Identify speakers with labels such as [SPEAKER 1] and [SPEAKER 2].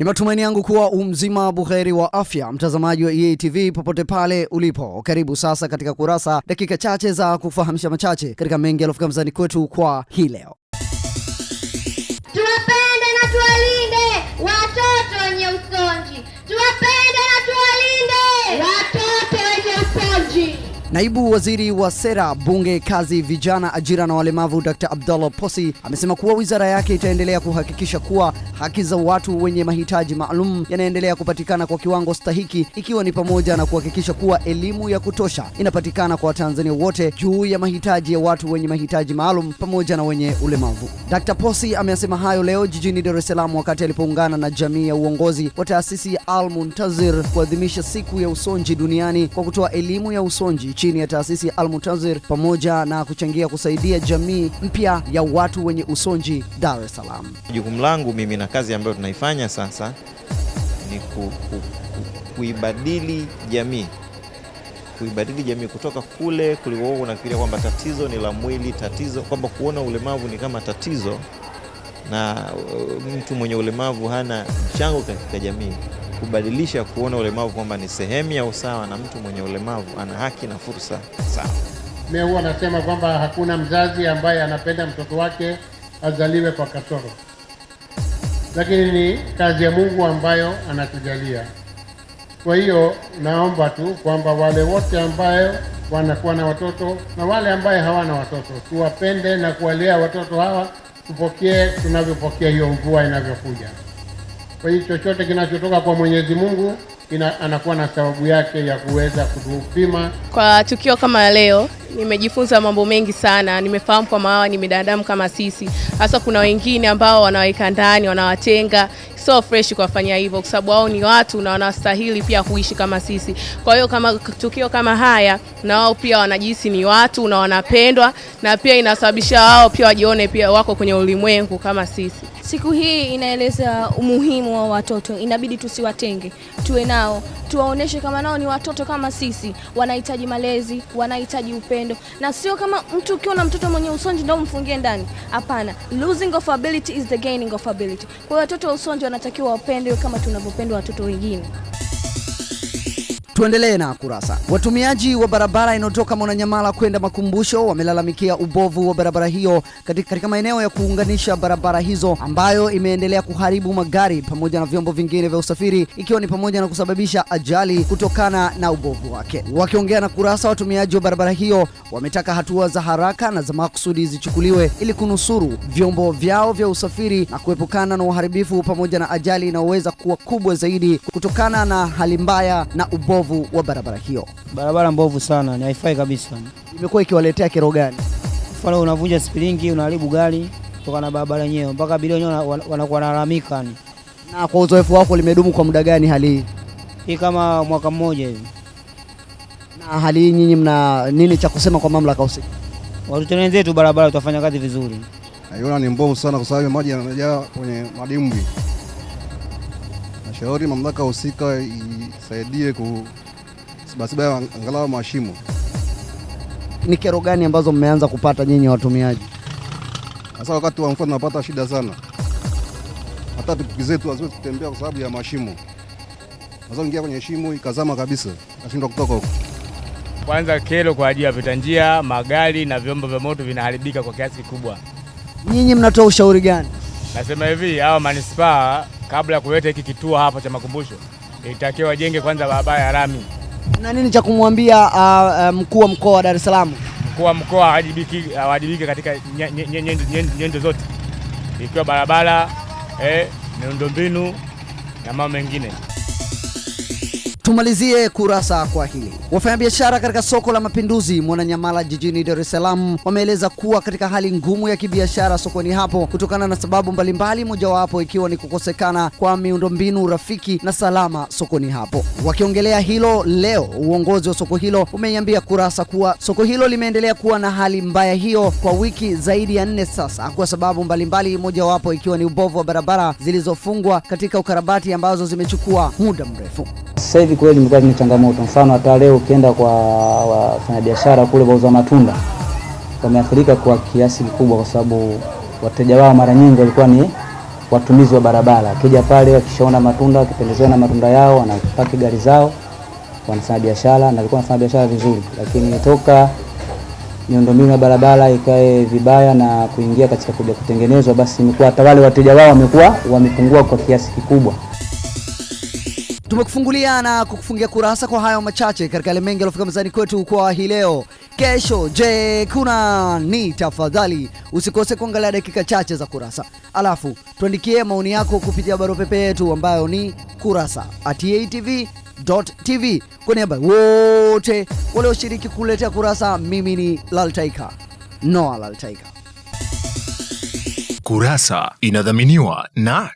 [SPEAKER 1] Ni matumaini yangu kuwa umzima buheri wa afya, mtazamaji wa eatv popote pale ulipo, karibu sasa katika kurasa, dakika chache za kufahamisha machache katika mengi yaliyofika mezani kwetu kwa hii leo.
[SPEAKER 2] Tuwapende na tuwalinde watoto wenye usonji, tuwapende na tuwalinde watoto
[SPEAKER 1] Naibu Waziri wa Sera, Bunge, Kazi, Vijana, Ajira na Walemavu, Dr. Abdallah Posi amesema kuwa wizara yake itaendelea kuhakikisha kuwa haki za watu wenye mahitaji maalum yanaendelea kupatikana kwa kiwango stahiki, ikiwa ni pamoja na kuhakikisha kuwa elimu ya kutosha inapatikana kwa Watanzania wote juu ya mahitaji ya watu wenye mahitaji maalum pamoja na wenye ulemavu. Dr. Posi amesema hayo leo jijini Dar es Salaam wakati alipoungana na jamii ya uongozi wa taasisi ya Al Muntazir kuadhimisha siku ya usonji duniani kwa kutoa elimu ya usonji chini ya taasisi ya Almuntazir pamoja na kuchangia kusaidia jamii mpya ya watu wenye usonji Dar es Salaam.
[SPEAKER 3] Jukumu langu mimi na kazi ambayo tunaifanya sasa ni ku, ku, ku, kuibadili jamii kuibadili jamii kutoka kule kulikokuwa kunafikiria kwamba tatizo ni la mwili, tatizo kwamba kuona ulemavu ni kama tatizo na uh, mtu mwenye ulemavu hana mchango katika jamii kubadilisha kuona ulemavu kwamba ni sehemu ya usawa na mtu mwenye ulemavu ana haki na fursa sawa.
[SPEAKER 4] Mimi huwa nasema kwamba hakuna mzazi ambaye anapenda mtoto wake azaliwe kwa kasoro, lakini ni kazi ya Mungu ambayo anatujalia. Kwa hiyo naomba tu kwamba wale wote ambayo wanakuwa na watoto na wale ambaye hawana watoto tuwapende na kuwalea watoto hawa, tupokee tunavyopokea hiyo mvua inavyokuja kwa hiyo chochote kinachotoka kwa Mwenyezi Mungu ina, anakuwa na sababu yake ya kuweza kutupima.
[SPEAKER 5] Kwa tukio kama leo nimejifunza mambo mengi sana, nimefahamu kwamba hawa ni binadamu kama sisi, hasa kuna wengine ambao wanaweka ndani, wanawatenga So fresh kuwafanyia hivyo kwa sababu wao ni watu na wanastahili pia kuishi kama sisi. Kwa hiyo kama tukio kama haya, na wao pia wanajihisi ni watu na wanapendwa, na pia inasababisha wao pia wajione pia wako kwenye ulimwengu kama sisi.
[SPEAKER 6] Siku hii inaeleza umuhimu wa watoto, inabidi tusiwatenge tuwe nao, tuwaoneshe kama nao ni watoto kama sisi, wanahitaji malezi, wanahitaji upendo, na sio kama mtu ukiwa na mtoto mwenye usonji ndio umfungie ndani. Hapana, losing of ability is the gaining of ability. Kwa hiyo watoto wa usonji wanatakiwa wapendwe kama tunavyopendwa watoto wengine.
[SPEAKER 1] Tuendelee na kurasa. Watumiaji wa barabara inayotoka Mwananyamala kwenda Makumbusho wamelalamikia ubovu wa barabara hiyo katika maeneo ya kuunganisha barabara hizo ambayo imeendelea kuharibu magari pamoja na vyombo vingine vya usafiri ikiwa ni pamoja na kusababisha ajali kutokana na ubovu wake. Wakiongea na kurasa, watumiaji wa barabara hiyo wametaka hatua za haraka na za makusudi zichukuliwe ili kunusuru vyombo vyao vya usafiri na kuepukana na uharibifu pamoja na ajali inayoweza kuwa kubwa zaidi kutokana na hali mbaya na ubovu ubovu wa barabara hiyo?
[SPEAKER 7] Barabara mbovu sana, ni haifai kabisa. Imekuwa ikiwaletea kero gani? Mfano, unavunja spiringi, unaharibu gari kutokana na barabara yenyewe, mpaka abiria wenyewe wanakuwa wanalalamika. Na kwa uzoefu wako, limedumu kwa muda gani hali hii? Hii kama mwaka mmoja hivi. Na hali hii nyinyi mna nini cha kusema kwa mamlaka husika? Watutengenezee tu barabara, tutafanya kazi vizuri.
[SPEAKER 8] Naiona ni mbovu sana, kwa sababu maji yanajaa kwenye madimbwi shauri mamlaka husika isaidie kusibasiba angalau mashimo.
[SPEAKER 7] Ni kero gani ambazo mmeanza kupata nyinyi watumiaji?
[SPEAKER 8] Hasa wakati wa mvua tunapata shida sana, hata pikipiki zetu haziwezi kutembea kwa sababu ya mashimo. Sasa ingia kwenye shimo ikazama kabisa, nashindwa kutoka huko.
[SPEAKER 9] Kwanza kero kwa ajili ya vita njia, magari na vyombo vya moto vinaharibika kwa kiasi kikubwa.
[SPEAKER 7] Nyinyi mnatoa ushauri gani?
[SPEAKER 9] Nasema hivi hawa manispaa kabla ya kuleta hiki kituo hapa cha makumbusho itakiwa wajenge kwanza barabara ya lami.
[SPEAKER 7] Na nini cha kumwambia uh, uh, mkuu wa mkoa wa Dar es Salaam?
[SPEAKER 9] Mkuu wa mkoa awajibike katika nyendo zote, ikiwa barabara eh, miundombinu na mambo mengine.
[SPEAKER 1] Tumalizie kurasa kwa hili. Wafanyabiashara katika soko la Mapinduzi Mwananyamala jijini Dar es Salaam wameeleza kuwa katika hali ngumu ya kibiashara sokoni hapo kutokana na sababu mbalimbali, mojawapo ikiwa ni kukosekana kwa miundombinu rafiki na salama sokoni hapo. Wakiongelea hilo leo, uongozi wa soko hilo umeiambia Kurasa kuwa soko hilo limeendelea kuwa na hali mbaya hiyo kwa wiki zaidi ya nne sasa kwa sababu mbalimbali, mojawapo ikiwa ni ubovu wa barabara zilizofungwa katika ukarabati ambazo zimechukua muda mrefu.
[SPEAKER 10] Sasa hivi kweli imekuwa ni changamoto. Mfano hata leo ukienda kwa wafanyabiashara kule wauza matunda wameathirika kwa kiasi kikubwa, kwa sababu wateja wao mara nyingi walikuwa ni watumizi wa barabara. Akija pale wakishaona matunda, wakipendezewa na matunda yao, wanapaki gari zao, wanafanya biashara na walikuwa wanafanya biashara vizuri, lakini toka miundombinu ya barabara ikae vibaya na kuingia katika kuja kutengenezwa, basi imekuwa hata wale wateja wao wamekuwa wamepungua kwa kiasi kikubwa.
[SPEAKER 1] Tumekufungulia na kukufungia kurasa kwa hayo machache katika yale mengi yaliyofika mezani kwetu kwa hii leo. Kesho je, kuna ni? Tafadhali usikose kuangalia dakika chache za kurasa, alafu tuandikie maoni yako kupitia barua pepe yetu ambayo ni kurasa atatvtv atv.tv. Kwa niaba wote walioshiriki kuletea kurasa, mimi ni Laltaika noa Laltaika. Kurasa inadhaminiwa na